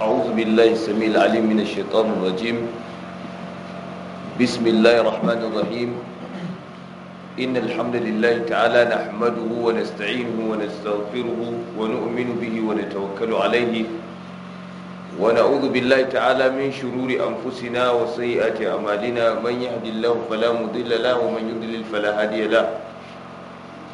أعوذ بالله السميع العليم من الشيطان الرجيم بسم الله الرحمن الرحيم إن الحمد لله تعالى نحمده ونستعينه ونستغفره ونؤمن به ونتوكل عليه ونعوذ بالله تعالى من شرور أنفسنا وسيئات أعمالنا من يهد الله فلا مضل له ومن يضلل فلا هادي له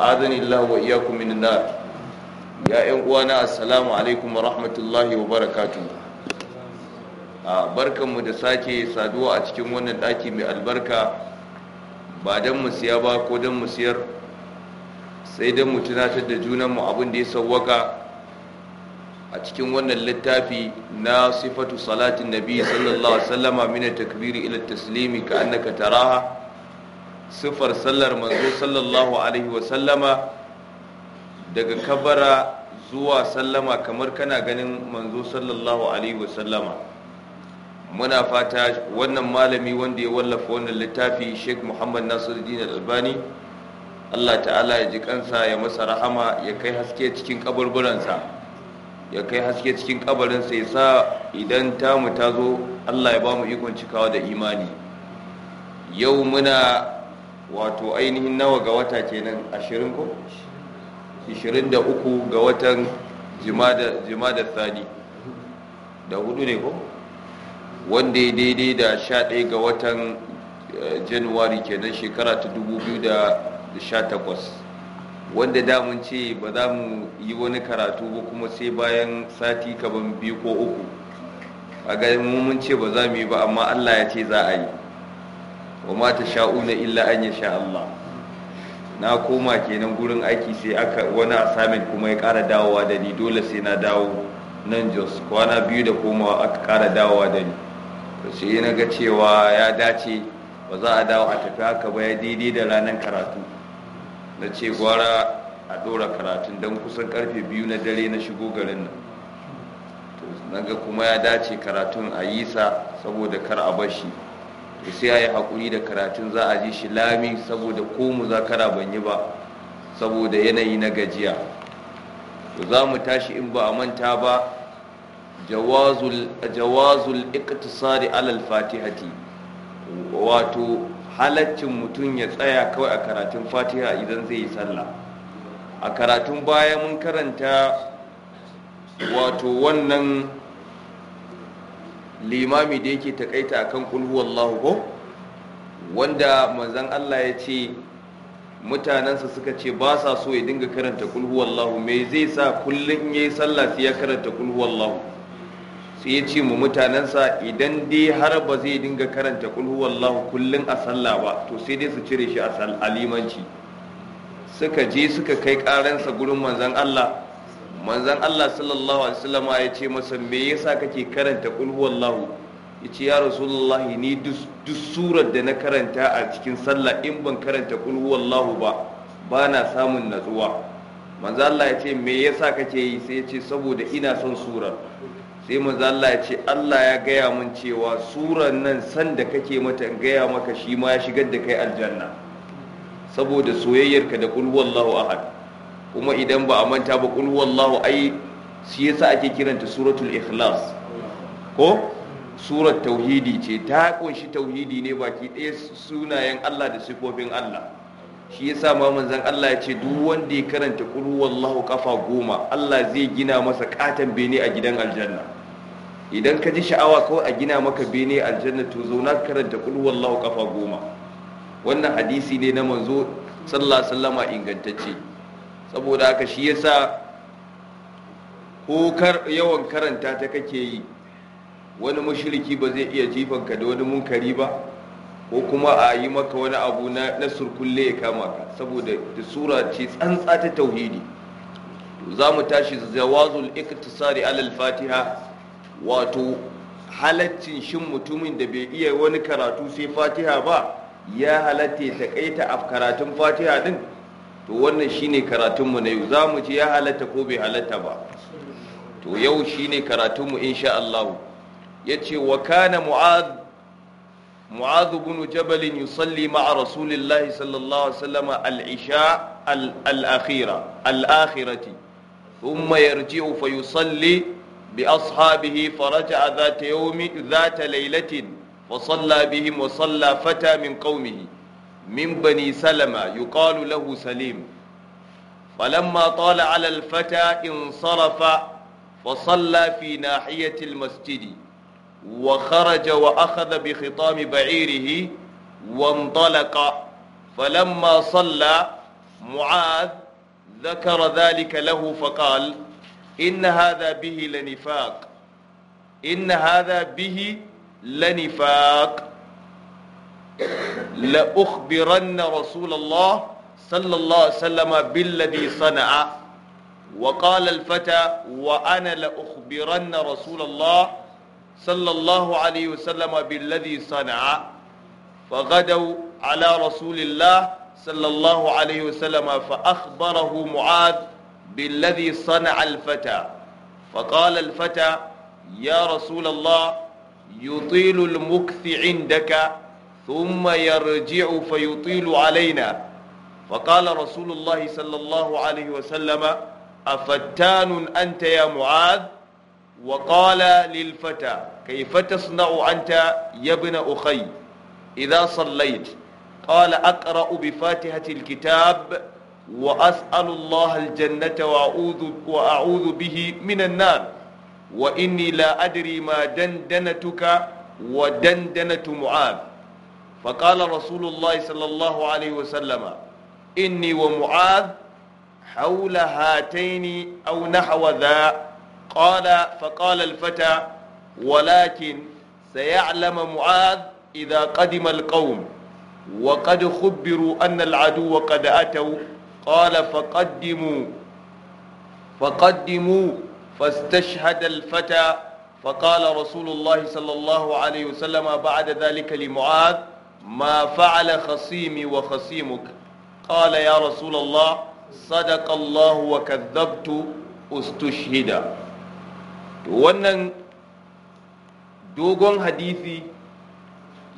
adani Allah wa iyyakum minan nar ya ƴan uwana assalamu alaikum wa rahmatullahi wa barakatuh a barkanmu da sake saduwa a cikin wannan daki mai albarka ba dan mu siya ba ko dan mu siyar sai dan mu tunatar da junanmu abin da ya sawwaka a cikin wannan littafi na sifatu salatin nabi sallallahu alaihi wasallama min at-takbiri ila at-taslimi ka annaka taraha sifar sallar manzo sallallahu alaihi wasallama daga kabara zuwa sallama kamar kana ganin manzo sallallahu alaihi wasallama muna fata wannan malami wanda ya wallafa wannan littafi sheikh muhammad nasiruddin albani allah ta'ala ya ji kansa ya masa rahama ya kai haske cikin kaburburansa ya kai haske cikin kabarinsa ya sa idan tamu ta zo allah ya ba mu ikon cikawa da imani yau muna wato ainihin nawa ga wata kenan 20 ko 23 ga watan jimada sadi da hudu ne ko wanda ya daidai da 11 ga watan eh, januwari kenan shekara ta 2018 wanda damun ce ba za mu yi wani karatu ba kuma sai bayan sati kaban biyu ko uku a ganin mun ce ba za mu yi ba amma allah ya ce za a yi wa ma sha'una illa an yasha Allah na koma kenan gurin aiki sai aka wani assignment kuma ya kara dawowa da ni dole sai na dawo nan Jos kwana biyu da koma aka ƙara dawowa da ni sai na ga cewa ya dace ba za a dawo a tafi haka ba ya daidai da ranar karatu na ce gwara a dora karatun don kusan karfe biyu na dare na shigo garin nan Na naga kuma ya dace karatun a yi saboda kar a bashi sai ya yi haƙuri da karatun za a ji shi lami saboda ko muzakara ban yi ba saboda yanayi na gajiya za mu tashi in ba a manta ba jawazul iktisari alal fatihati wato halaccin mutum ya tsaya kawai a karatun fatiha idan zai yi sallah a karatun baya mun karanta wato wannan limami da yake takaita akan kul Wallahu ko wanda manzon Allah ya ce mutanensa suka ce ba sa so ya dinga karanta kul Wallahu, me zai sa ya yayi sallah su ya karanta kul Wallahu? Su ya ce mu mutanensa idan dai har ba zai dinga karanta kul Wallahu kullun a sallah ba to sai dai su cire shi a alimanci suka je suka kai karansa gurin manzon Allah Manzan Allah sallallahu alaihi wasallam ya ce masa me yasa kake karanta qul ya ce ya rasulullahi ni duk surar da na karanta a cikin sallah in ban karanta qul huwallahu ba na samun natsuwa Manzan Allah ya ce me yasa kake yi sai ya ce saboda ina son surar sai Manzan Allah ya ce Allah ya gaya mun cewa surar nan san da kake mata in gaya maka shi ma ya shigar da kai aljanna saboda soyayyarka da qul lahu ahad kuma idan ba a manta ba qul lahu ai shi yasa ake kiranta suratul ikhlas ko surar tauhidi ce ta kunshi tauhidi ne baki ɗaya sunayen Allah da sifofin Allah shi yasa ma manzon Allah ya ce duk wanda ya karanta qul huwallahu kafa goma Allah zai gina masa katon bene a gidan aljanna idan ka ji sha'awa ko a gina maka bene aljanna to zauna karanta qul lahu kafa goma wannan hadisi ne na manzo sallallahu alaihi wasallama ingantacce saboda haka shi yasa ko yawan karanta ta kake yi wani mushriki ba zai iya jifanka da wani munkari ba ko kuma a yi maka wani abu na surkulle ya kama ka saboda da sura ce tsantsa ta tauhidi za mu tashi zawazul iktisari alal fatiha wato halaccin shin mutumin da bai iya wani karatu sai fatiha ba ya halatta ta kaita a karatun fatiha din to wannan shine karatunmu na yau za mu ji ya halatta ko bai halatta ba to yau shine karatunmu insha Allah ya ce wa kana mu'ad mu'adh ibn jabal yusalli ma'a rasulillahi sallallahu alaihi wasallam al-isha al-akhira al-akhirati thumma yarji'u fa yusalli bi ashabihi faraja'a dhata yawmi dhata laylatin fa salla bihim fata min qaumihi من بني سلمة يقال له سليم فلما طال على الفتى انصرف فصلى في ناحية المسجد وخرج وأخذ بخطام بعيره وانطلق فلما صلى معاذ ذكر ذلك له فقال إن هذا به لنفاق إن هذا به لنفاق لأخبرن رسول الله صلى الله عليه وسلم بالذي صنع وقال الفتى وأنا لأخبرن رسول الله صلى الله عليه وسلم بالذي صنع فغدوا على رسول الله صلى الله عليه وسلم فأخبره معاذ بالذي صنع الفتى فقال الفتى يا رسول الله يطيل المكث عندك ثم يرجع فيطيل علينا فقال رسول الله صلى الله عليه وسلم أفتان أنت يا معاذ وقال للفتى كيف تصنع أنت يا ابن أخي إذا صليت قال أقرأ بفاتحة الكتاب وأسأل الله الجنة وأعوذ, وأعوذ به من النار وإني لا أدري ما دندنتك ودندنة معاذ فقال رسول الله صلى الله عليه وسلم إني ومعاذ حول هاتين أو نحو ذا قال فقال الفتى ولكن سيعلم معاذ إذا قدم القوم وقد خبروا أن العدو قد أتوا قال فقدموا فقدموا فاستشهد الفتى فقال رسول الله صلى الله عليه وسلم بعد ذلك لمعاذ ما فعل خصيمي وخصيمك قال يا رسول الله صدق الله وكذبت استشهد wannan dogon hadisi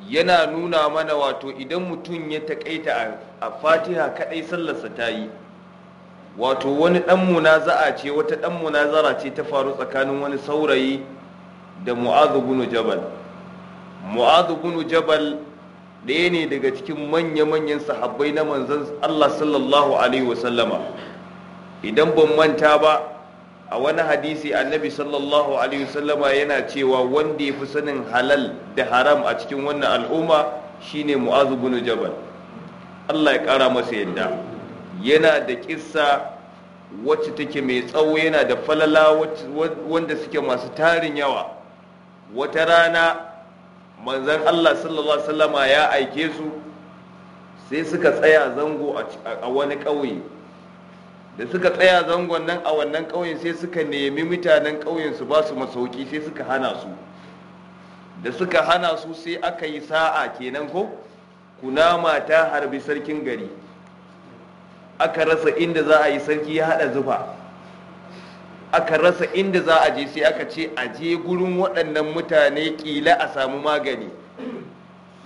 yana nuna mana wato idan mutum ya taƙaita a fatiha kaɗai sallarsa ta yi wato wani dan munaza'a ce wata dan munazara ce ta faru tsakanin wani saurayi da mu'adhu bin jabal mu'adhu jabal ɗaya ne daga cikin manya-manyan sahabbai na manzan Allah sallallahu alaihi wasallama idan ban manta ba a wani hadisi annabi sallallahu alaihi wasallama yana cewa wanda ya fi sanin halal da haram a cikin wannan al'umma shine mu'azu bin jabal Allah ya ƙara masa yadda yana da kissa wacce take mai tsawo yana da falala wanda suke masu tarin yawa wata rana manzan Allah sallallahu alaihi wasallama ya aike su sai suka tsaya zango a wani ƙauye da suka tsaya zangon nan a wannan ƙauye sai suka nemi mutanen ƙauyen su ba su masauki sai suka hana su da suka hana su sai aka yi sa'a kenan ko kunama ta harbi sarkin gari aka rasa inda za a yi sarki ya haɗa zufa aka rasa inda za a je sai aka ce a je gurin waɗannan mutane ƙila a samu magani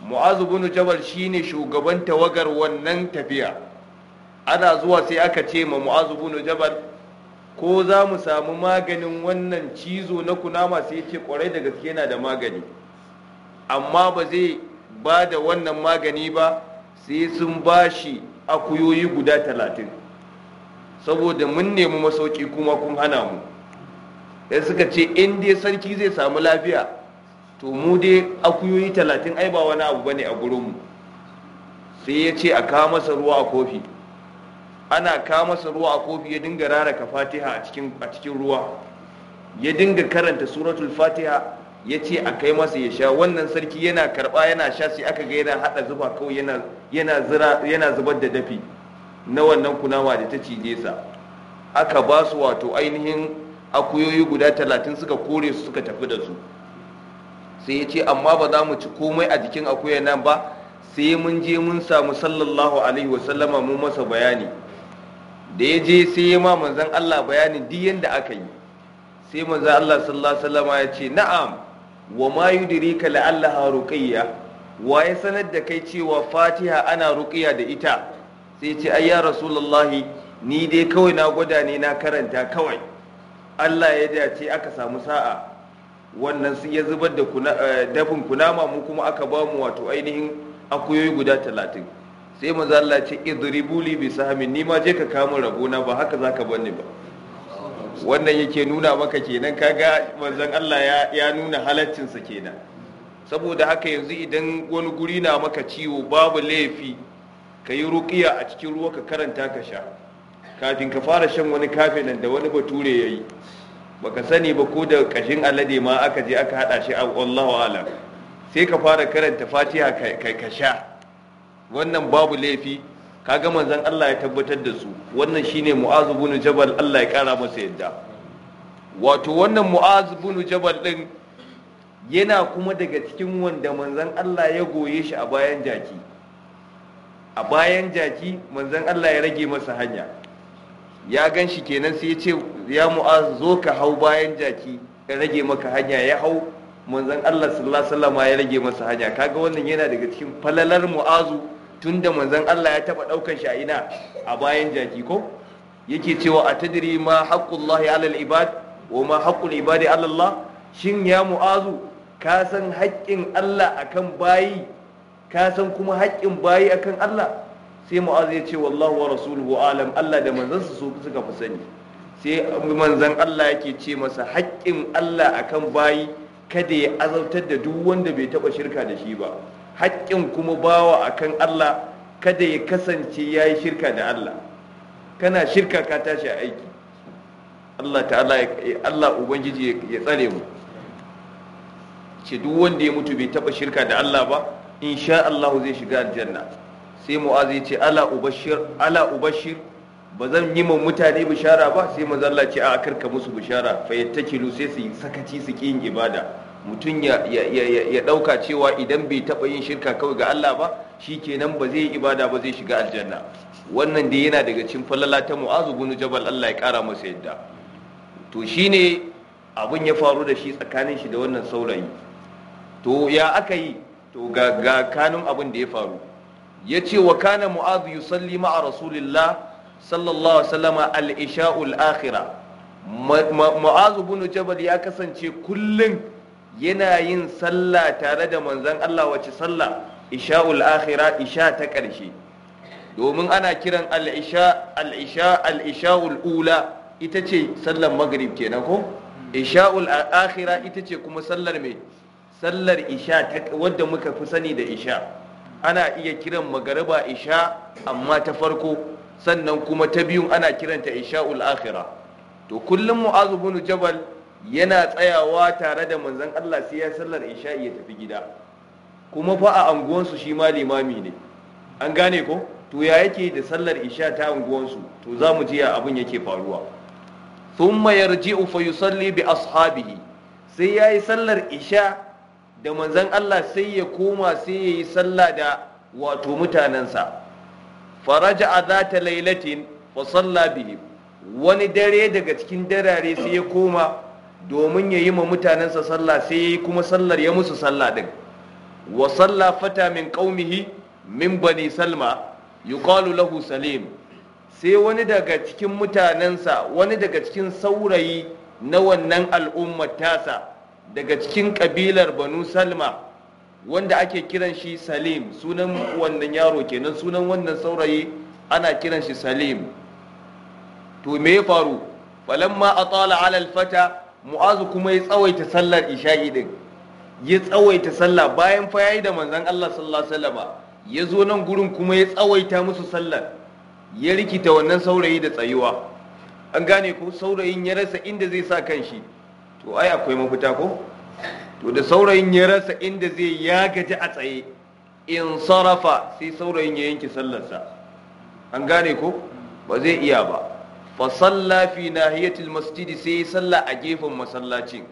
mu'azu bin jabal shine shugaban tawagar wannan tafiya ana zuwa sai aka ce ma mu'azu bin jabal ko za mu samu maganin wannan cizo na kunama sai ce kwarai da gaske yana da magani amma ba zai ba da wannan magani ba sai sun ba shi akuyoyi guda talatin saboda mun nemi masauki kuma kun hana mu sai suka ce in dai sarki zai samu lafiya to mu dai akuyoyi talatin ai ba wani abu bane a gurinmu sai ya ce a kawo masa ruwa a kofi ana kawo masa ruwa a kofi ya dinga raraka fatiha a cikin ruwa ya dinga karanta suratul fatiha ya ce a kai masa ya sha wannan sarki yana karba yana sha sai aka ga yana hada zuba kawai yana zubar da dafi na wannan kunama da ta cije sa aka ba su wato ainihin akuyoyi guda talatin suka kore su suka tafi da su sai ya ce amma ba za mu ci komai a jikin akuya nan ba sai mun je mun samu sallallahu alaihi wasallama mu masa bayani da ya je sai ya ma manzan Allah bayanin duk yadda aka yi sai manzan Allah sallallahu alaihi wasallama ya ce na'am wa ma yudrika la'alla ruqiyya wa ya sanar da kai cewa fatiha ana ruqiya da ita sai ce ai ya rasulullahi ni dai kawai na gwada ne na karanta kawai Allah ya dace aka samu sa'a wannan su ya zubar da eh, dafin kunama mu kuma aka ba mu wato ainihin akuyoyi guda talatin sai maza Allah ce idribuli bi sahamin ni ma je ka kama rabona ba haka zaka banni ba wannan yake nuna maka kenan kaga manzon Allah ya ya nuna halaccinsa kenan saboda haka yanzu idan wani guri na maka ciwo babu laifi ka yi ruƙiya a cikin ruwa ka karanta ka sha kafin ka fara shan wani kafinan da wani bature ya yi baka sani ba ko da ƙashin alade ma aka je aka haɗa shi a wallahu ala sai ka fara karanta fatiha ka sha wannan babu laifi Ka ga manzan Allah ya tabbatar da su wannan shine ne ibn jabal Allah ya kara masa yadda wato wannan mu'az ibn jabal din yana kuma daga cikin wanda manzan Allah ya goye shi a bayan jaki a bayan jaki manzan Allah ya rage masa hanya ya gan shi kenan sai ya ce ya mu'az zo ka hau bayan jaki ya rage maka hanya ya hau manzan Allah sallallahu alaihi wasallam ya rage masa hanya kaga wannan yana daga cikin falalar mu'azu tunda manzan Allah ya taba daukan shi a ina a bayan jaki ko yake cewa a tadri ma haqqullahi alal ibad wa ma haqqul ibadi ala Allah shin ya mu'azu ka san haƙƙin Allah akan bayi ka san kuma haƙƙin bayi akan Allah sai mu'az ya ce wallahu wa rasuluhu alam Allah da manzansa su suka fi sani sai manzan Allah yake ce masa haƙƙin Allah akan bayi kada ya azabtar da duk wanda bai taba shirka da shi ba haƙƙin kuma bawa akan Allah kada ya kasance ya yi shirka da Allah kana shirka ka tashi aiki Allah ta'ala Allah ubangiji ya tsare mu ce duk wanda ya mutu bai taba shirka da Allah ba in sha Allah zai shiga aljanna sai Mu'azi ce ala ubashir ala ubashir ba zan yi ma mutane bishara ba sai manzo Allah ce a karka musu bishara fa yattakilu sai su sakaci su yin ibada mutum ya ya dauka cewa idan bai taba yin shirka kawai ga Allah ba shikenan ba zai yi ibada ba zai shiga aljanna wannan dai yana daga cikin falala ta mu'azu bin jabal Allah ya kara masa yadda to shine abun ya faru da shi tsakanin shi da wannan saurayi to ya aka yi to ga ga kanun abin da ya faru yace wa kana mu'adh yusalli ma'a rasulillah sallallahu alaihi wasallam al-isha'u al jabal ya kasance kullum yana yin sallah tare da manzon Allah wace sallah isha'ul akhira isha ta ƙarshe domin ana kiran al'isha isha al ula ita ce sallar maghrib kenan ko isha'ul akhira ita ce kuma sallar mai sallar isha wadda muka fi sani da isha ana iya kiran magariba isha amma ta farko sannan kuma ta biyun ana kiranta isha'ul akhira to kullum mu'azu bin jabal yana tsayawa tare da manzon Allah sai ya sallar isha ya tafi gida kuma fa a su shi ma limami ne an gane ko to ya yake da sallar isha ta su to za mu ji ya abin yake faruwa thumma yarji'u fa yusalli bi ashabihi sai yayi sallar isha da manzan Allah sai ya koma sai ya yi sallah da wato mutanensa faraja a za ta lailatin wa bihi wani dare daga cikin darare sai ya koma domin ya yi ma mutanensa sallah sai ya yi kuma sallar ya musu sallah din wa salla fata min qaumihi min bani salma yuqalu lahu salim sai wani daga cikin mutanensa wani daga cikin saurayi na wannan al'ummar tasa daga cikin kabilar banu salma wanda ake kiran shi salim sunan wannan yaro kenan sunan wannan saurayi ana kiran shi salim to me ya faru falamma atala ala alfata mu'azu kuma ya tsawaita sallar isha'i din ya tsawaita sallah bayan fa yayi da manzon Allah sallallahu alaihi wasallam ya zo nan gurin kuma ya tsawaita musu sallar ya rikita wannan saurayi da tsayuwa an gane ko saurayin ya rasa inda zai sa kanshi shi to ai akwai mafita ko to da saurayin ya rasa inda zai ya gaji a tsaye in sarrafa sai saurayin ya yanke sallarsa an gane ko ba zai iya ba fa salla fi nahiyatil masjidi sai salla a gefen masallacin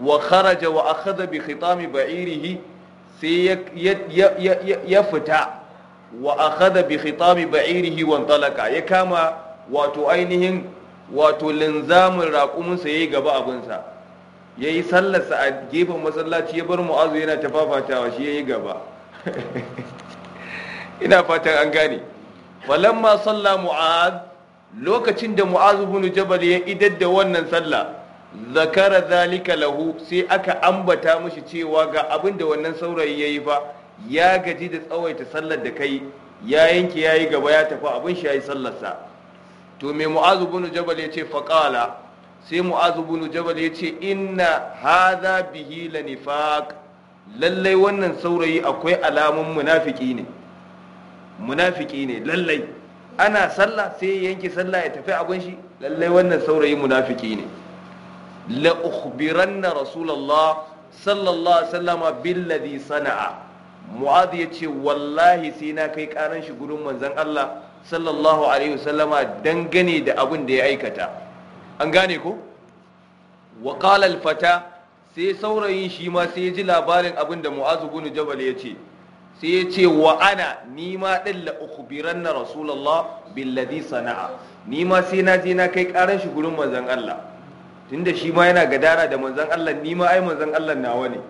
wa kharaja wa akhadha bi khitami ba'irihi sai ya fita wa akhadha bi khitami ba'irihi wa ya kama wato ainihin wato linzamin raƙuminsa ya yi gaba abinsa ya yi sallarsa a gefen masallaci ya bar mu'azu yana tafafatawa shi ya yi gaba ina fatan an gane falamma salla mu'az lokacin da mu'azu bin jabal ya idar da wannan sallah zakara zalika lahu sai aka ambata mushi cewa ga abin da wannan saurayi ya yi fa ya gaji da tsawaita sallar da kai ya yanke ya yi gaba ya tafi abin shi ya yi sallarsa to me mu'azu bin jabal ya ce faƙala sai mu'azu bin jabal ya ce inna hadha bihi la nifaq lallai wannan saurayi akwai alamun munafiki ne munafiki ne lallai ana sallah sai ya yanke sallah ya tafi abin shi lallai wannan saurayi munafiki ne la ukhbiranna rasulullah sallallahu alaihi wasallama billadhi sana'a mu'adh yace wallahi sai na kai karan shi gurin manzon Allah sallallahu alaihi wasallama dangane da abin da ya aikata an gane ko wa qala al-fata sai saurayin shi ma sai ya ji labarin abin da mu'azu bin jabal ya ce sai ya ce wa ana ni ma din la ukhbiranna rasulullah billadhi sana'a ni ma sai na je na kai karan shi gurin manzon Allah tunda shi ma yana gadara da manzon Allah ni ma ai manzon Allah nawa ne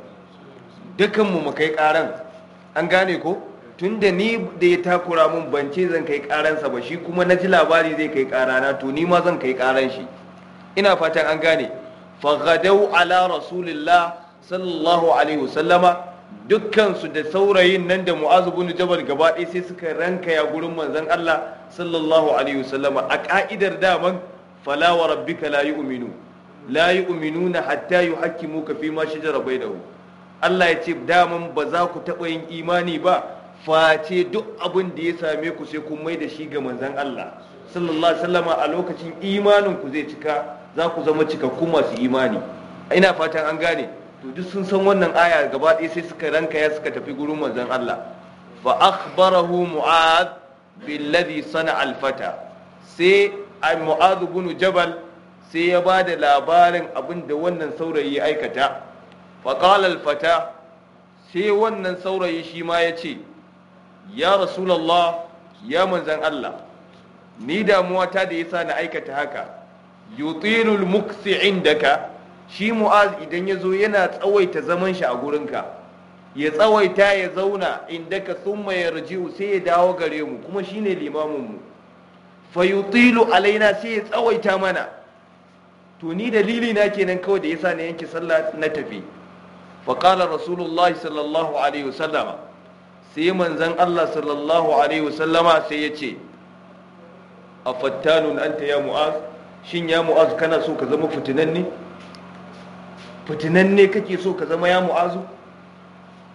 dukan mu mu kai karan an gane ko tun da ni da ya takura mun ban ce zan kai karansa ba shi kuma na ji labari zai kai karana to ni ma zan kai karan shi ina fatan an gane faghadau ala rasulillah sallallahu alaihi wasallama dukkan su da saurayin nan da mu'azu bin jabal gaba ɗaya sai suka ranka ya gurin manzon Allah sallallahu alaihi wasallama a ka'idar daman fala wa rabbika la yu'minu la yu'minuna hatta mu fi ma shajara bainahum Allah ya ce daman ba za ku taɓa yin imani ba face duk abin da ya same ku sai kun mai da shi ga manzan Allah sallallahu alaihi wasallama a lokacin imanin ku zai cika za ku zama cikakku masu imani ina fatan an gane to duk sun san wannan aya gaba ɗaya sai suka ranka ya suka tafi gurin manzan Allah fa akhbarahu mu'ad billadhi sana al-fata sai mu'ad ibn jabal sai ya ba da labarin abin da wannan saurayi ya aikata fa qala al-fata sai wannan saurayi shi ma ya ce ya rasulallah ya manzan Allah ni damuwa ta da yasa na aikata haka yutilul muksi indaka shi mu'az idan ya zo yana tsawaita zaman shi a gurinka ya tsawaita ya zauna indaka thumma yarji'u sai ya dawo gare mu kuma shine limamin mu fa yutilu alaina sai ya tsawaita mana to ni dalili na kenan kawai da yasa na yanke sallah na tafi fa qala rasulullahi sallallahu alaihi wasallama sai manzan Allah sallallahu alaihi wasallama sai ya ce a fattanun anta ya mu'az shin ya mu'az kana so ka zama fitinanne fitinanne kake so ka zama ya mu'azu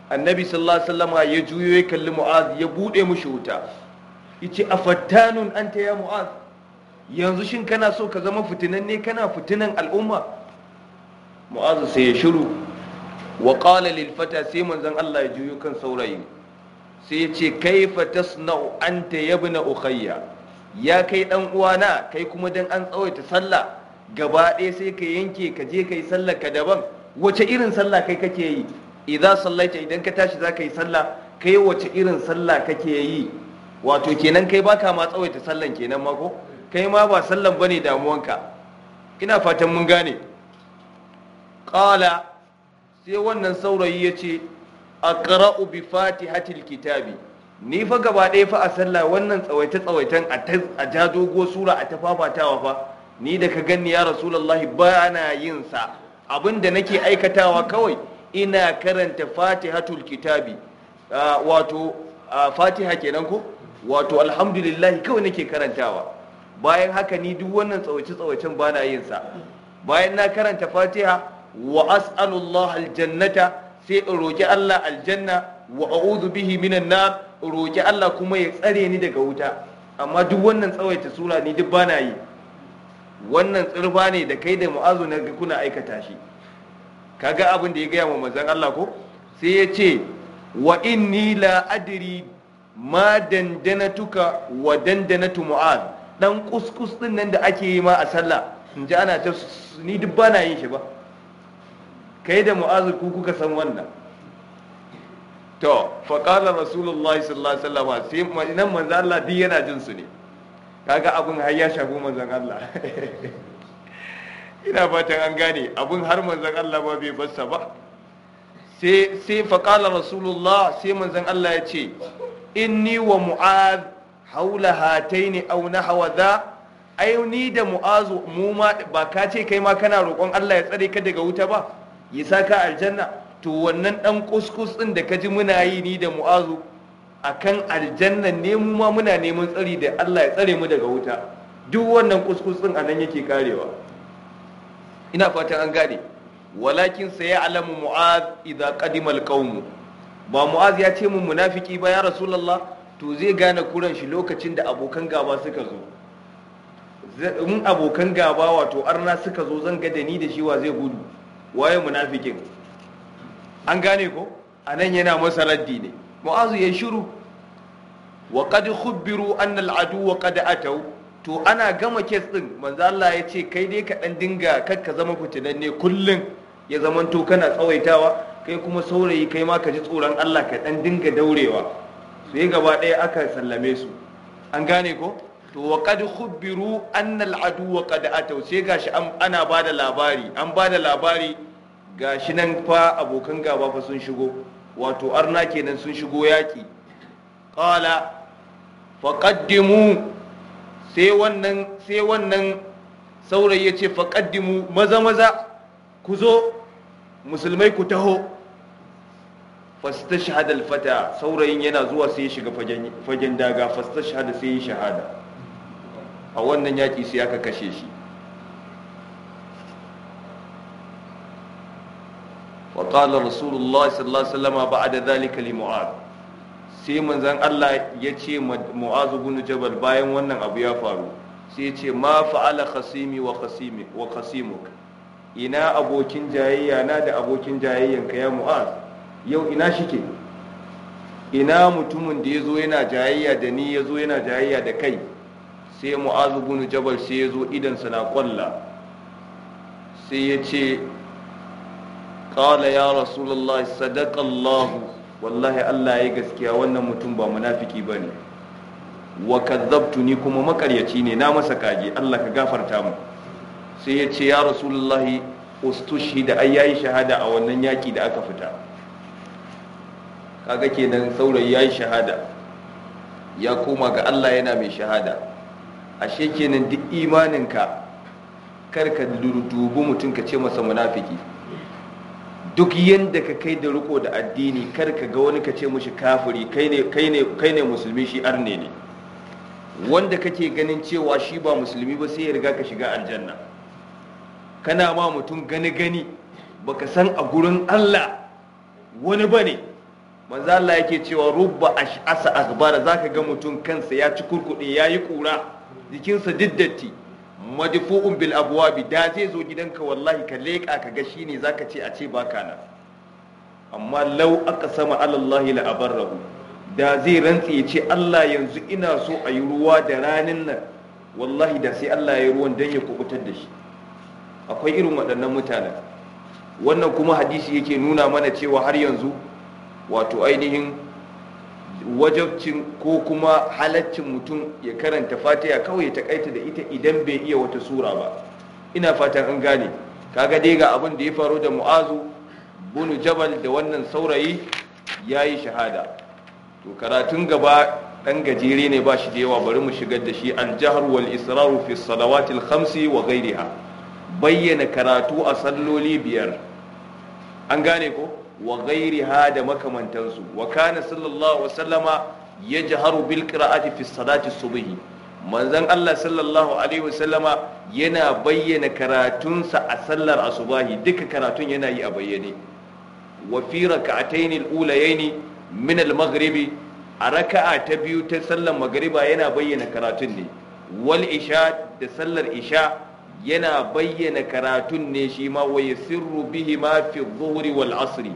annabi sallallahu alaihi wasallama ya juyo ya kalli mu'az ya bude mushi wuta yace a fattanun anta ya mu'az yanzu shin kana so ka zama fitinanne kana fitinan al'umma Mu'azu sai ya shiru wa qala lil fata sai manzon Allah ya juyo kan saurayi sai ya ce kaifa tasna'u yabi na ukhayya ya kai dan uwana kai kuma dan an tsawaita sallah gaba ɗaya sai ka yanke ka je ka yi sallah ka daban wace irin sallah kai kake yi idza sallaita idan ka tashi za ka yi sallah kai wace irin sallah kake yi wato kenan kai baka ma tsawaita sallan kenan mako kai ma ba sallan bane damuwanka ina fatan mun gane qala sai wannan saurayi ya ce aqra'u bi fatihatil kitabi ni fa gaba ɗaya fa a sallah wannan tsawaita tsawaitan a ja doguwar sura a tafafatawa fa ni da ka gani ya rasulullahi ba na yin sa abinda nake aikatawa kawai ina karanta fatihatul kitabi wato fatiha kenan ko wato alhamdulillah kawai nake karantawa bayan haka ni duk wannan tsawaita tsawaicen ba na yin sa bayan na karanta fatiha wa as'alullahi aljannata sai in roƙi Allah aljanna wa a'udhu bihi minan nar roƙi Allah kuma ya tsare ni daga wuta amma duk wannan tsawaita sura ni duk bana yi wannan tsirfa ne da kai da mu'azu na kuna aikata shi kaga abin da ya gaya wa manzon Allah ko sai ya ce wa inni la adri ma dandanatuka wa dandanatu mu'az dan kuskus din nan da ake yi ma a sallah in ji ana ta ni duk bana yin shi ba kai da mu'azu ku kuka san wannan to fa qala rasulullah sallallahu alaihi wasallam sai nan manzo Allah bi yana jin su ne kaga abun har ya shago manzan Allah ina fatan an gane abun har manzan Allah ba bai bassa ba sai sai fa qala rasulullah sai manzan Allah ya ce inni wa mu'az haula hataini aw nahwa dha ai ni da mu'azu mu ma ba ka ce kai ma kana roƙon Allah ya tsare ka daga wuta ba ya saka aljanna to wannan dan kuskus din da kaji muna yi ni da mu'azu akan aljanna ne mu ma muna neman tsari da Allah ya tsare mu daga wuta duk wannan kuskus din anan yake karewa ina fatan an gane walakin alamu mu'az idza qadima alqawm ba mu'az ya ce mun munafiki ba ya rasulullah to zai gane kuran shi lokacin da abokan gaba suka zo in abokan gaba wato arna suka zo zan ga da ni da shi wa zai gudu waye munafikin an gane ko a nan yana masa raddi ne mu'azu ya shiru wa qad khubbiru an al-adu wa qad atau to ana gama kes din manzo Allah ya ce kai dai ka dan dinga kar ka zama ne kullun ya zamanto kana tsawaitawa kai kuma saurayi kai ma ka ji tsoron Allah ka dan dinga daurewa sai gaba ɗaya aka sallame su an gane ko to wa qad khubbiru anna al qad ataw sai gashi ana bada labari an bada labari gashi nan fa abokan gaba fa sun shigo wato arna kenan sun shigo yaki qala faqaddimu sai wannan sai wannan saurayi yace faqaddimu maza maza ku zo musulmai ku taho fastashhad al-fata saurayin yana zuwa sai ya shiga fagen daga fastashhad sai ya shahada a wannan yaƙi sai aka kashe shi wa qala rasulullah sallallahu alaihi wasallam ba'da dhalika li mu'adh sai manzon Allah ya ce mu'adh ibn jabal bayan wannan abu ya faru sai ya ce ma fa'ala khasimi wa khasimi wa khasimuk ina abokin jayayya na da abokin jayayyanka ya mu'adh yau ina shike ina mutumin da ya zo yana jayayya da ni yazo yana jayayya da kai sai mu'azu bin jabal sai ya zo idansa na kwalla sai ya ce ƙala ya rasulallah sadakallahu wallahi allah ya gaskiya wannan mutum ba munafiki ba ne wa kazzabtu ni kuma makaryaci ne na masa kaji, allah ka gafarta mu sai ya ce ya rasulallah ustushi da ai yayi shahada a wannan yaki da aka fita kaga kenan saurayi yayi shahada ya koma ga Allah yana mai shahada ashe kenan duk imaninka kar ka dubu mutum ka ce masa munafiki duk yadda ka kai da riko da addini kar ka ga wani ka ce mushi kafiri kai ne musulmi shi arne ne wanda kake ganin cewa shi ba musulmi ba sai ya riga ka shiga aljanna kana ma mutum gani gani baka san a gurin Allah wani bane manzo Allah yake cewa rubba ash'asa za ka ga mutum kansa ya ci kurkuɗe yi ƙura. jikinsa diddatti madfu'un bil abwabi da zai zo gidanka wallahi ka leƙa ka ga shi shine zaka ce a ce baka na amma lau aka sama alallahi la abarrahu da zai rantsi ya ce Allah yanzu ina so a yi ruwa da ranin nan wallahi da sai Allah ya yi ruwan don ya kubutar da shi akwai irin waɗannan mutanen wannan kuma hadisi yake nuna mana cewa har yanzu wato ainihin wajabcin ko kuma halaccin mutum ya karanta fatiha kawai ya takaita da ita idan bai iya wata sura ba ina fatan an gane kaga dai ga abin da ya faru da mu'azu bunu jabal da wannan saurayi ya yi shahada to karatun gaba ɗan gajere ne ba shi da yawa bari mu shigar da shi aljahar wal israru fi al khamsi wa ghayriha bayyana karatu a salloli biyar an gane ko wa ghairiha da makamantansu wa kana sallallahu alaihi wasallama yajharu bil qira'ati fi salati subhi manzon Allah sallallahu alaihi wasallama yana bayyana karatunsa a sallar asubahi duka karatun yana yi a bayyane wa fi rak'atayn al-ulayayn min al-maghribi a raka'a ta biyu ta sallar magriba yana bayyana karatun ne wal isha da sallar isha yana bayyana karatun ne shi ma wa yasirru bihi ma fi dhuhri wal asri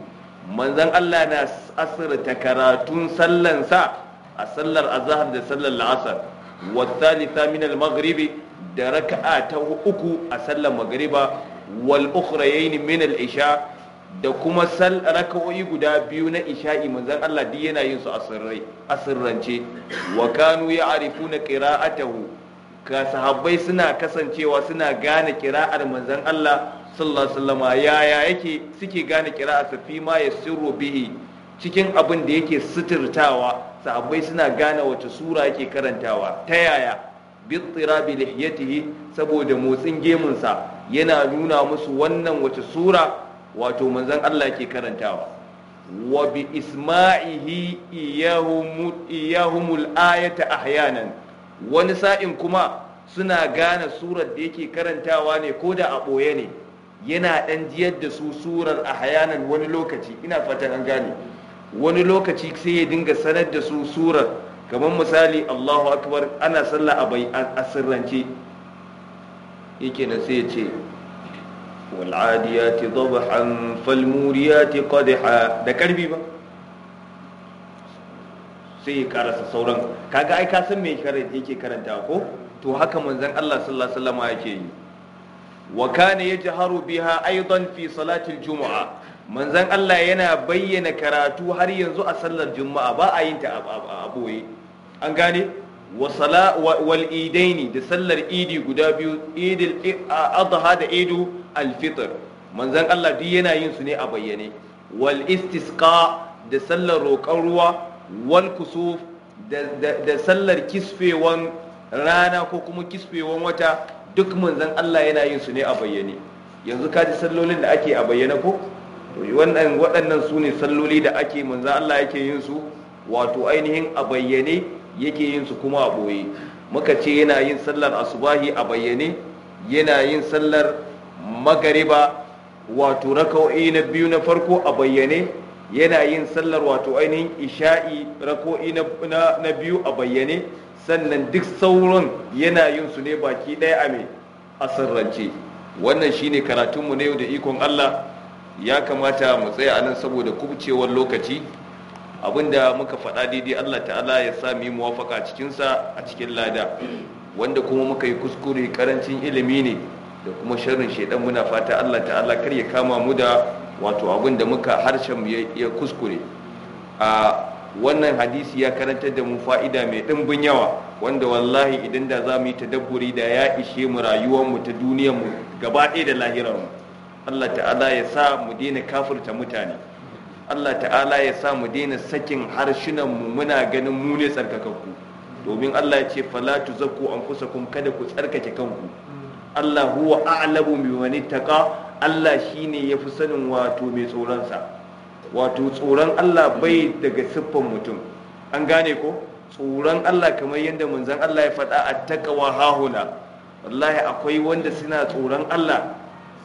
manzon Allah na asirta karatun sallansa a sallar azahar da sallar la'asar wa thalitha min al-maghribi da raka'a ta uku a sallar magriba wal ukhrayayn min al-isha da kuma sal raka'o'i guda biyu na isha'i manzon Allah duk yana yin su a sirrai a wa kanu ya'rifuna qira'atahu ka sahabbai suna kasancewa suna gane kira'ar manzon Allah sallallahu alaihi ya yaya yake suke gane qira'arsa fi ma yasirru bihi cikin abin da yake suturtawa sahabbai suna gane wace sura yake karantawa ta yaya bi tirabi lihiyatihi saboda motsin gemunsa yana nuna musu wannan wace sura wato manzon Allah yake karantawa wa bi isma'ihi iyahumul ayata ahyanan wani sa'in kuma suna gane surar da yake karantawa ne ko da a ɓoye ne yana ɗan jiyar da su surar a hayanan wani lokaci ina fatan an gane wani lokaci sai ya dinga sanar da su surar kamar misali allahu akbar ana sallah a sirrance yake da sai ya ce wal'adiyati dhabahan falmuriyati qadha da karbi ba sai ya karasa sauran kaga ai ka san me yake karanta ko to haka manzon Allah sallallahu alaihi wasallam yake yi wa kana yajharu biha aidan fi salatil juma'a Manzan Allah yana bayyana karatu har yanzu a sallar juma'a ba a yin ta a boye an gane wa sala da sallar idi guda biyu idil adha da idu alfitr manzon Allah duk yana yin su ne a bayyane wal istisqa da sallar roƙon ruwa wal kusuf da sallar kisfewan rana ko kuma kisfewan wata duk zan Allah yana yin su ne a bayyane yanzu ka ji sallolin da ake a bayyane ko wannan waɗannan su ne salloli da ake manzan Allah yake yin su wato ainihin a bayyane yake yin su kuma a ɓoye muka ce yana yin sallar asubahi a bayyane yana yin sallar magariba wato raka'o'i na biyu na farko a bayyane yana yin sallar wato ainihin isha'i rako'i na biyu a bayyane sannan duk sauran yana yin su ne baki ɗaya a mai a sarrance wannan shine karatunmu na yau da ikon Allah ya kamata mu tsaya a nan saboda kubcewar lokaci abinda muka faɗa daidai Allah ta'ala ya sa mu muwafaka cikinsa a cikin lada wanda kuma muka yi kuskure karancin ilimi ne da kuma sharrin shaidan muna fata Allah ta'ala kar ya kama mu da wato abinda muka harshen ya kuskure a wannan hadisi ya karantar da mu fa'ida mai ɗimbin yawa wanda wallahi idan da za mu yi tadabburi da ya ishe mu rayuwarmu ta duniyarmu gaba ɗaya da lahirarmu Allah ta'ala ya sa mu daina kafirta mutane Allah ta'ala ya sa mu daina sakin mu muna ganin mu ne tsarkakakku domin Allah ya ce fala kusa anfusakum kada ku tsarkake kanku Allah huwa a'lamu bi man Allah shine yafi sanin wato mai tsoron wato tsoron Allah bai daga siffan mutum an gane ko tsoron Allah kamar yadda munzan Allah ya faɗa a takawa hahuna wallahi akwai wanda suna tsoron Allah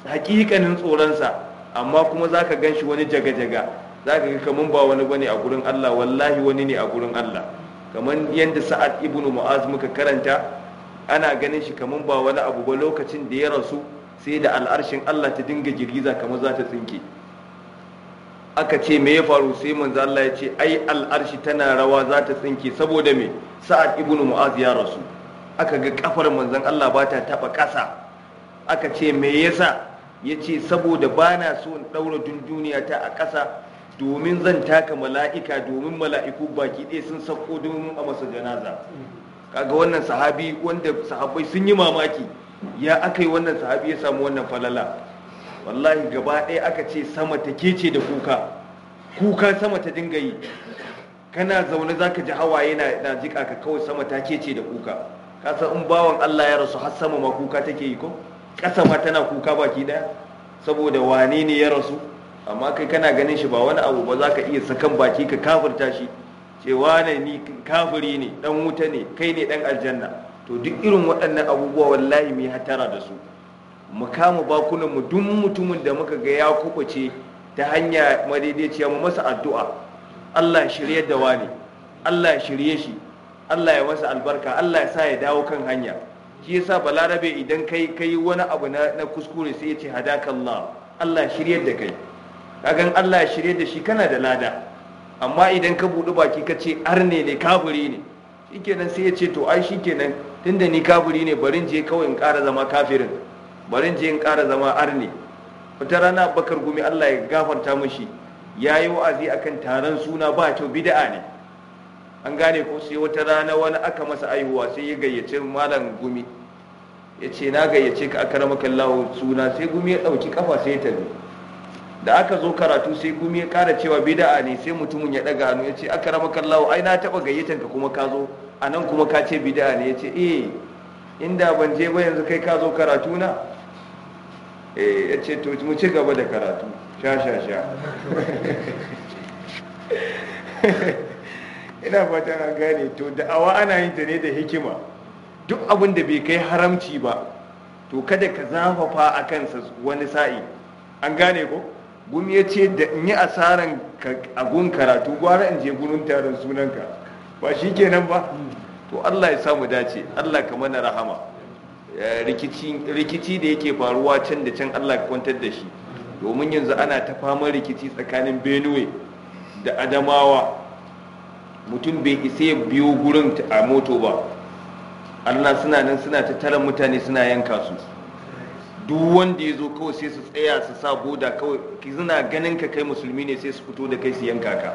hakikanin tsoronsa amma kuma zaka ganshi wani jaga-jaga zaka ga kaman ba wani bane a gurin Allah wallahi wani ne a gurin Allah kaman yadda Sa'ad ibn Mu'az muka karanta ana ganin shi kaman ba wani abu ba lokacin da ya rasu sai da al'arshin Allah ta dinga girgiza kamar za ta tsinke aka ce me ya faru sai manzo Allah ya ce ai al'arshi tana rawa za ta tsinke saboda me sa'ad ibnu mu'az ya rasu aka ga kafar manzon Allah ba ta taba kasa aka ce me yasa ya ce saboda ba na so in daura dunduniya ta a kasa domin zan taka mala'ika domin mala'iku baki ɗaya sun sako domin a masa janaza kaga wannan sahabi wanda sahabbai sun yi mamaki ya aka yi wannan sahabi ya samu wannan falala wallahi gaba ɗaya aka ce sama ta kece da kuka kuka sama ta dinga yi kana zaune za ka ji hawaye na jika ka kawai sama ta kece da kuka kasan in bawan allah ya rasu har sama ma kuka take yi ko ƙasa ma tana kuka baki ɗaya saboda wane ne ya rasu amma kai kana ganin shi ba wani abu ba za ka iya sakan baki ka kafirta shi cewa ne ni kafiri ne dan wuta ne kai ne dan aljanna to duk irin waɗannan abubuwa wallahi mai hatara da su mu kama bakunan mu duk mutumin da muka ga ya kubace ta hanya madaidaiciya mu masa addu'a Allah shirye da wani Allah shirye shi Allah ya masa albarka Allah ya sa ya dawo kan hanya shi yasa balarabe idan kai kai wani abu na, na kuskure sai ya ce hadakallah Allah shirye da kai kagan Allah shirye da shi kana da lada amma idan ka buɗi baki ka ce arne ne kafiri ne shikenan sai ya ce to ai shikenan tunda ni kafiri ne barin je kawai in kara zama kafirin barin jiyin in ƙara zama arne wata rana bakar gumi allah ya gafarta mashi ya yi wa'azi akan taron suna ba kyau bida'a ne an gane ko sai wata rana wani aka masa aihuwa sai ya gayyace malam gumi ya ce na gayyace ka aka rama kallawo suna sai gumi ya ɗauki kafa sai ya tafi da aka zo karatu sai gumi ya ƙara cewa bida'a ne sai mutumin ya ɗaga hannu ya ce aka rama kallawo ai na taɓa gayyatan ka kuma ka zo a nan kuma ka ce bida'a ne ya ce eh inda ban je ba yanzu kai ka zo karatu na E, ya ce to mu ci gaba da karatu sha sha sha ina fata an gane to da'awa ana yin ta ne da hikima duk abin da bai kai haramci ba to kada ka zafafa a kansa wani sa'i an gane ko gumi ya ce da in yi asaran agun karatu gwara in je gurin taron sunanka ba shi kenan ba to allah ya samu dace allah ka mana rahama Eh, rikici da yake faruwa can da can Allah ka kwantar da shi domin yanzu ana ta fama rikici tsakanin benue da adamawa mutum bai isa ya biyo gurin a moto ba allah suna nan suna ta tara mutane suna yanka su duk wanda ya zo kawai sai su tsaya su sa boda kawai ki suna ganin ka kai musulmi ne sai su fito da kai su yanka ka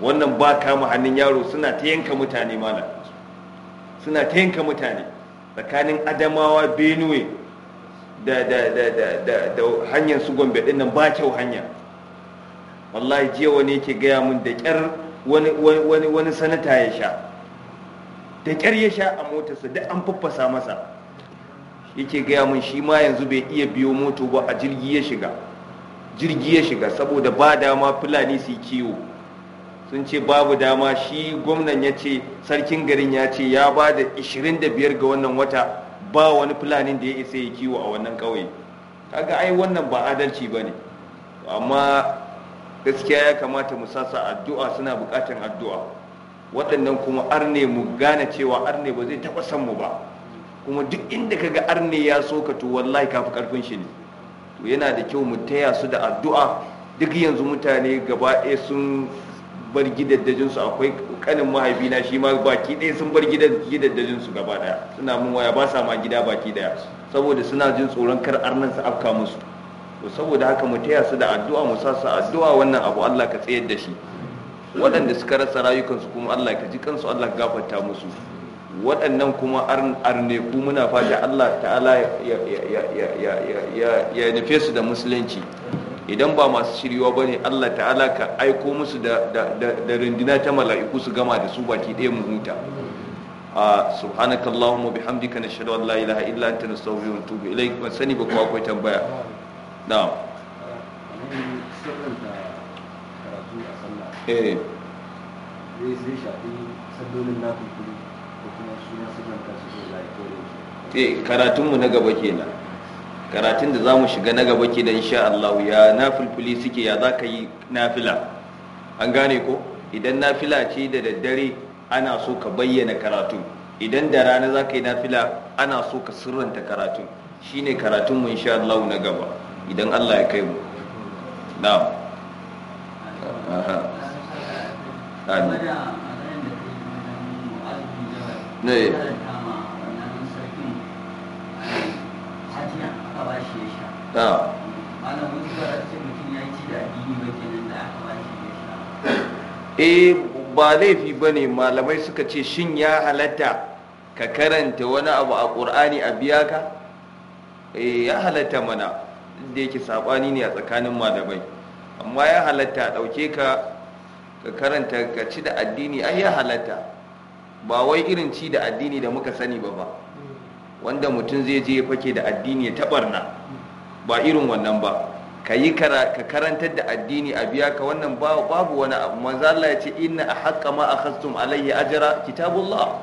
wannan ba kama hannun yaro suna ta yanka mutane mana suna ta yanka mutane tsakanin adamawa benue da hanyar su gombe din nan ba kyau hanya wallahi jiya wani yake gaya mun da kyar wani sanata ya sha da kyar ya sha a motarsa da an fuffasa masa yake gaya mun shi ma yanzu bai iya biyo moto ba a jirgi ya shiga jirgi ya shiga saboda ba dama fulani su yi kiwo sun ce babu dama shi gwamnan ya ce sarkin garin ya ce ya ba da 25 ga wannan wata ba wani fulanin da ya isa ya kiwo a wannan ƙauye kaga ai wannan ba adalci ba ne amma gaskiya ya kamata mu sasa addu'a suna bukatan addu'a waɗannan kuma arne mu gane cewa arne ba zai taɓa san mu ba kuma duk inda ka kaga arne ya so ka to wallahi kafi karfin shi ne to yana da kyau mu taya su da addu'a duk yanzu mutane gaba ɗaya sun bar gidaddajin su akwai kanin mahaifina shi ma baki ɗaya sun bar gidaddajin su gaba daya suna mun waya ba sa ma gida baki daya saboda suna jin tsoron kar arnan su afka musu to saboda haka mu taya su da addu'a mu sa su addu'a wannan abu Allah ka tsayar da shi waɗanda suka rasa rayukansu kuma Allah ka ji kansu Allah ka gafarta musu waɗannan kuma arneku muna fata Allah ta'ala ya nufe su da musulunci idan ba masu shiriwa ba ne allah ta'ala ka aiko musu da rindina ta mala'iku su gama da su baki ɗaya mu huta subhanakallahumma bihamdika nashhadu an la ilaha illa anta nastaghfiruka wa natubu ilaik ban sani ba ko akwai tambaya na'am eh. eh karatunmu na gaba kenan karatun da za mu shiga na gaba ke da insha Allah ya nafilfili suke ya za ka yi nafila an gane ko idan nafila ce da daddare ana so ka bayyana karatu idan da rana za ka yi nafila ana so ka sirranta karatu ne karatun mu insha Allah na gaba idan Allah ya kai mu na'am ne Ah. aka ba eh ba laifi ba ne malamai suka ce shin ya halatta ka karanta wani abu a ƙur'ani a biya ka eh ya halatta mana da yake saɓani ne a tsakanin malamai amma ya halatta a ɗauke ka ka karanta ka ci da addini ai ya halatta ba wai irin ci da addini da muka sani ba ba wanda mutum zai je ya fake da addini ya tabarna ba irin wannan ba ka yi ka karantar da addini a biya ka wannan babu wani abu manzo Allah ya ce inna ahqqa ma akhadtum alayhi ajra kitabullah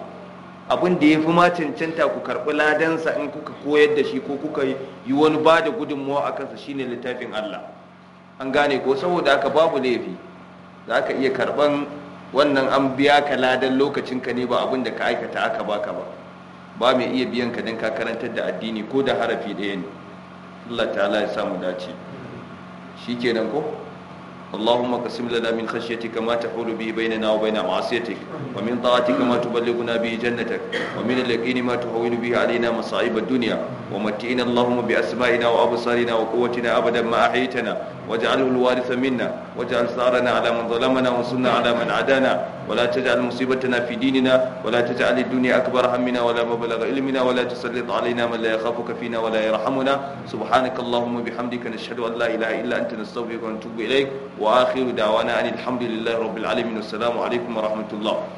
abin da yafi ma cancanta ku karbi ladansa in kuka koyar da shi ko kuka yi wani ba da gudunmawa a kansa shine littafin Allah an gane ko saboda haka babu laifi za ka iya karban wannan an biya ka ladan lokacin ka ne ba abin da ka aikata aka baka ba ba mai iya biyan ka don ka karantar da addini ko da harafi ɗaya ne Allah ta'ala ya samu dace shi kenan ko اللهم قسم لنا من خشيتك ما تحول به بيننا وبين معصيتك ومن طاعتك ما تبلغنا به جنتك ومن اليقين ما تهون به علينا مصائب الدنيا ومتئنا اللهم بأسمائنا وأبصارنا وقوتنا أبدا ما أحيتنا واجعله الوارث منا واجعل ثارنا على من ظلمنا وانصرنا على من عادانا ولا تجعل مصيبتنا في ديننا ولا تجعل الدنيا أكبر همنا ولا مبلغ علمنا ولا تسلط علينا من لا يخافك فينا ولا يرحمنا سبحانك اللهم وبحمدك نشهد أن لا إله إلا أنت نستغفرك ونتوب إليك واخر دعوانا ان الحمد لله رب العالمين والسلام عليكم ورحمه الله